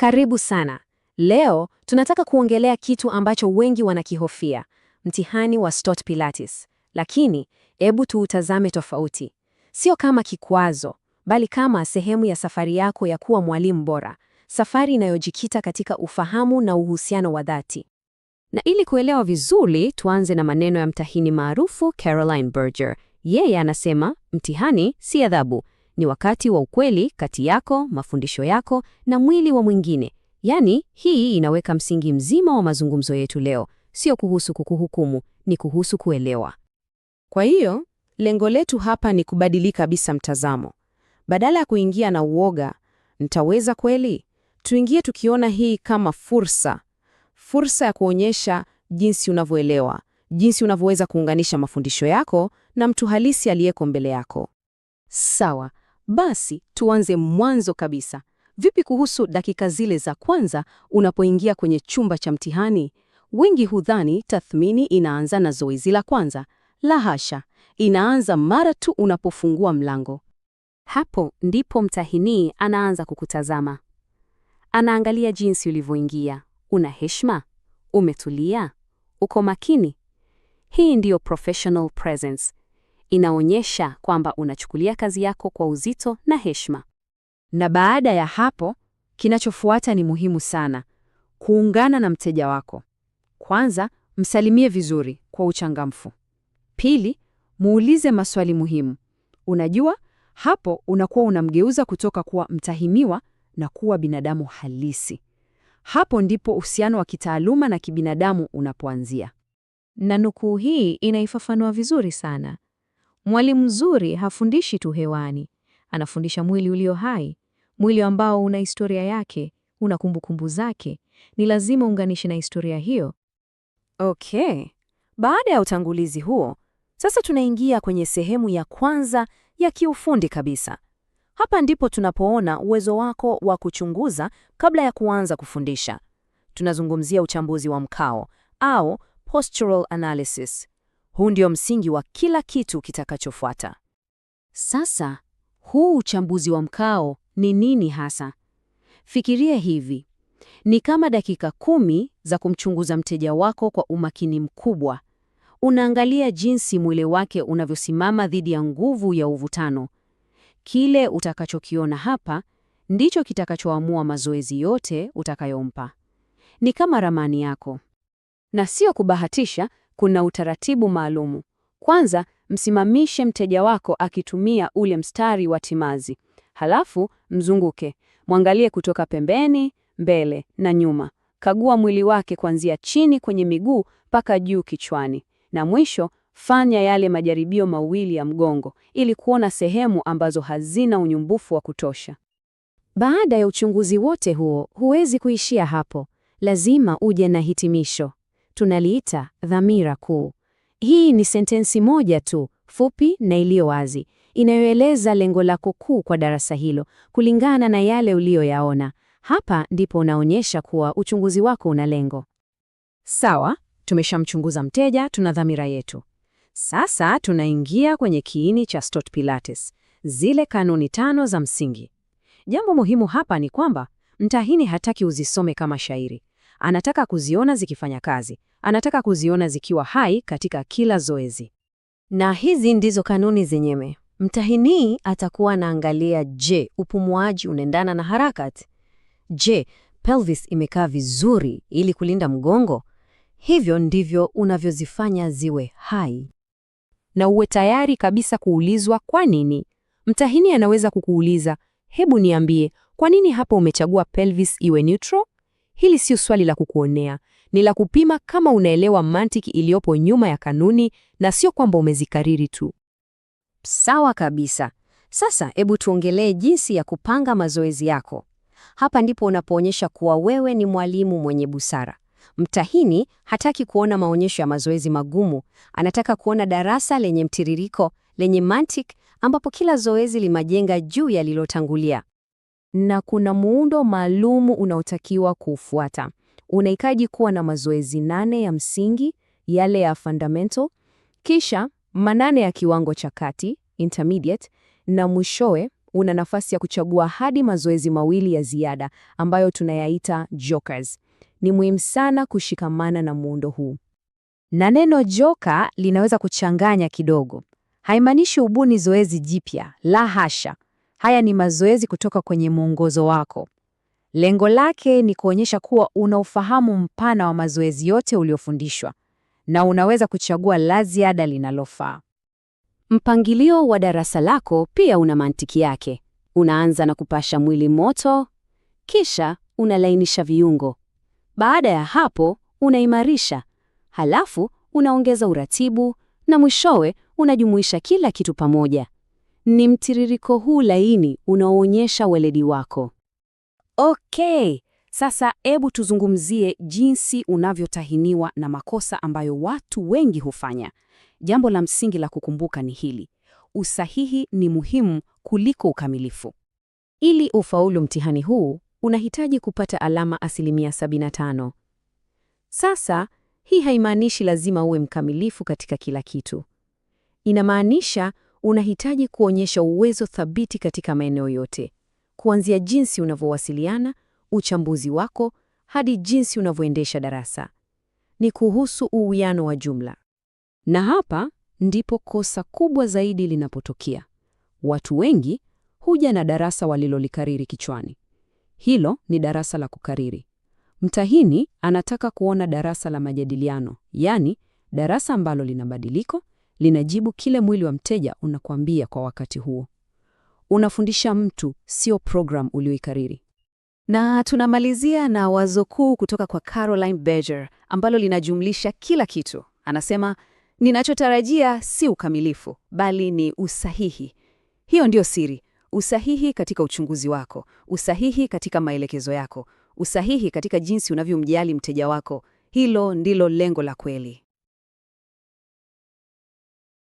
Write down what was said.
Karibu sana. Leo tunataka kuongelea kitu ambacho wengi wanakihofia, mtihani wa STOT Pilates. Lakini hebu tuutazame tofauti, sio kama kikwazo, bali kama sehemu ya safari yako ya kuwa mwalimu bora, safari inayojikita katika ufahamu na uhusiano wa dhati. Na ili kuelewa vizuri, tuanze na maneno ya mtahini maarufu Caroline Berger. Yeye anasema mtihani si adhabu ni wakati wa ukweli kati yako, mafundisho yako na mwili wa mwingine. Yaani, hii inaweka msingi mzima wa mazungumzo yetu leo. Sio kuhusu kukuhukumu, ni kuhusu kuelewa. Kwa hiyo lengo letu hapa ni kubadilika kabisa mtazamo. Badala ya kuingia na uoga, nitaweza kweli, tuingie tukiona hii kama fursa, fursa ya kuonyesha jinsi unavyoelewa, jinsi unavyoweza kuunganisha mafundisho yako na mtu halisi aliyeko mbele yako. Sawa. Basi tuanze mwanzo kabisa. Vipi kuhusu dakika zile za kwanza unapoingia kwenye chumba cha mtihani? Wengi hudhani tathmini inaanza na zoezi la kwanza. La hasha, inaanza mara tu unapofungua mlango. Hapo ndipo mtahini anaanza kukutazama. Anaangalia jinsi ulivyoingia. Una heshima? Umetulia? Uko makini? Hii ndiyo professional presence, inaonyesha kwamba unachukulia kazi yako kwa uzito na heshima. Na baada ya hapo, kinachofuata ni muhimu sana: kuungana na mteja wako. Kwanza, msalimie vizuri kwa uchangamfu. Pili, muulize maswali muhimu. Unajua, hapo unakuwa unamgeuza kutoka kuwa mtahimiwa na kuwa binadamu halisi. Hapo ndipo uhusiano wa kitaaluma na kibinadamu unapoanzia. Na nukuu hii inaifafanua vizuri sana. Mwalimu mzuri hafundishi tu hewani, anafundisha mwili ulio hai, mwili ambao una historia yake, una kumbukumbu zake. Ni lazima unganishe na historia hiyo. Okay, baada ya utangulizi huo, sasa tunaingia kwenye sehemu ya kwanza ya kiufundi kabisa. Hapa ndipo tunapoona uwezo wako wa kuchunguza kabla ya kuanza kufundisha. Tunazungumzia uchambuzi wa mkao au postural analysis. Huu ndio msingi wa kila kitu kitakachofuata. Sasa huu uchambuzi wa mkao ni nini hasa? Fikiria hivi, ni kama dakika kumi za kumchunguza mteja wako kwa umakini mkubwa. Unaangalia jinsi mwili wake unavyosimama dhidi ya nguvu ya uvutano. Kile utakachokiona hapa ndicho kitakachoamua mazoezi yote utakayompa. Ni kama ramani yako, na sio kubahatisha, kuna utaratibu maalumu. Kwanza, msimamishe mteja wako akitumia ule mstari wa timazi, halafu mzunguke, mwangalie kutoka pembeni, mbele na nyuma. Kagua mwili wake kuanzia chini kwenye miguu mpaka juu kichwani, na mwisho fanya yale majaribio mawili ya mgongo ili kuona sehemu ambazo hazina unyumbufu wa kutosha. Baada ya uchunguzi wote huo, huwezi kuishia hapo, lazima uje na hitimisho tunaliita dhamira kuu. Hii ni sentensi moja tu fupi na iliyo wazi inayoeleza lengo lako kuu kwa darasa hilo kulingana na yale uliyoyaona. Hapa ndipo unaonyesha kuwa uchunguzi wako una lengo. Sawa, tumeshamchunguza mteja, tuna dhamira yetu. Sasa tunaingia kwenye kiini cha Stott Pilates, zile kanuni tano za msingi. Jambo muhimu hapa ni kwamba mtahini hataki uzisome kama shairi, anataka kuziona zikifanya kazi, Anataka kuziona zikiwa hai katika kila zoezi. Na hizi ndizo kanuni zenyewe. Mtahini atakuwa anaangalia, je, upumuaji unaendana na harakati? Je, pelvis imekaa vizuri ili kulinda mgongo? Hivyo ndivyo unavyozifanya ziwe hai. Na uwe tayari kabisa kuulizwa kwa nini. Mtahini anaweza kukuuliza, hebu niambie, kwa nini hapa umechagua pelvis iwe neutral? Hili sio swali la kukuonea, ni la kupima kama unaelewa mantiki iliyopo nyuma ya kanuni na sio kwamba umezikariri tu. Sawa kabisa. Sasa hebu tuongelee jinsi ya kupanga mazoezi yako. Hapa ndipo unapoonyesha kuwa wewe ni mwalimu mwenye busara. Mtahini hataki kuona maonyesho ya mazoezi magumu, anataka kuona darasa lenye mtiririko, lenye mantiki, ambapo kila zoezi limajenga juu ya lilotangulia. na kuna muundo maalumu unaotakiwa kuufuata unahitaji kuwa na mazoezi nane ya msingi, yale ya fundamental, kisha manane ya kiwango cha kati, intermediate, na mwishowe una nafasi ya kuchagua hadi mazoezi mawili ya ziada ambayo tunayaita jokers. Ni muhimu sana kushikamana na muundo huu, na neno joka linaweza kuchanganya kidogo. Haimaanishi ubuni zoezi jipya, la hasha. Haya ni mazoezi kutoka kwenye mwongozo wako. Lengo lake ni kuonyesha kuwa una ufahamu mpana wa mazoezi yote uliofundishwa na unaweza kuchagua la ziada linalofaa. Mpangilio wa darasa lako pia una mantiki yake. Unaanza na kupasha mwili moto, kisha unalainisha viungo. Baada ya hapo, unaimarisha, halafu unaongeza uratibu na mwishowe unajumuisha kila kitu pamoja. Ni mtiririko huu laini unaoonyesha weledi wako. Okay, sasa hebu tuzungumzie jinsi unavyotahiniwa na makosa ambayo watu wengi hufanya. Jambo la msingi la kukumbuka ni hili: usahihi ni muhimu kuliko ukamilifu. Ili ufaulu mtihani huu, unahitaji kupata alama asilimia 75. Sasa hii haimaanishi lazima uwe mkamilifu katika kila kitu. Inamaanisha unahitaji kuonyesha uwezo thabiti katika maeneo yote, kuanzia jinsi unavyowasiliana, uchambuzi wako hadi jinsi unavyoendesha darasa. Ni kuhusu uwiano wa jumla. Na hapa ndipo kosa kubwa zaidi linapotokea. Watu wengi huja na darasa walilolikariri kichwani. Hilo ni darasa la kukariri. Mtahini anataka kuona darasa la majadiliano, yaani darasa ambalo lina badiliko, linajibu kile mwili wa mteja unakwambia kwa wakati huo. Unafundisha mtu, sio program ulioikariri. Na tunamalizia na wazo kuu kutoka kwa Caroline Berger ambalo linajumlisha kila kitu. Anasema, ninachotarajia si ukamilifu, bali ni usahihi. Hiyo ndio siri. Usahihi katika uchunguzi wako, usahihi katika maelekezo yako, usahihi katika jinsi unavyomjali mteja wako. Hilo ndilo lengo la kweli.